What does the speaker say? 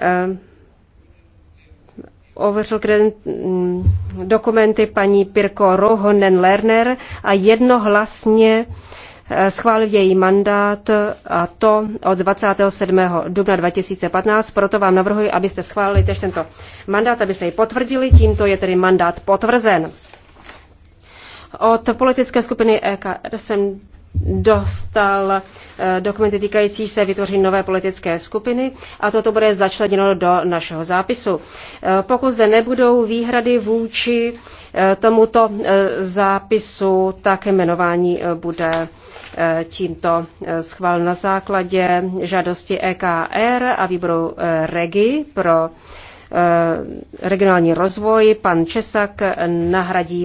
Eh, ověřil mm, dokumenty paní Pirko Rohonen Lerner a jednohlasně eh, schválil její mandát a to od 27. dubna 2015. Proto vám navrhuji, abyste schválili tež tento mandát, abyste ji potvrdili. Tímto je tedy mandát potvrzen. Od politické skupiny EKR jsem dostal eh, dokumenty týkající se vytvoření nové politické skupiny a toto bude začleněno do našeho zápisu. Eh, pokud zde nebudou výhrady vůči eh, tomuto zápisu, tak jmenování bude tímto schvál na základě žádosti EKR a výboru REGI pro regionální rozvoj. Pan Česak nahradí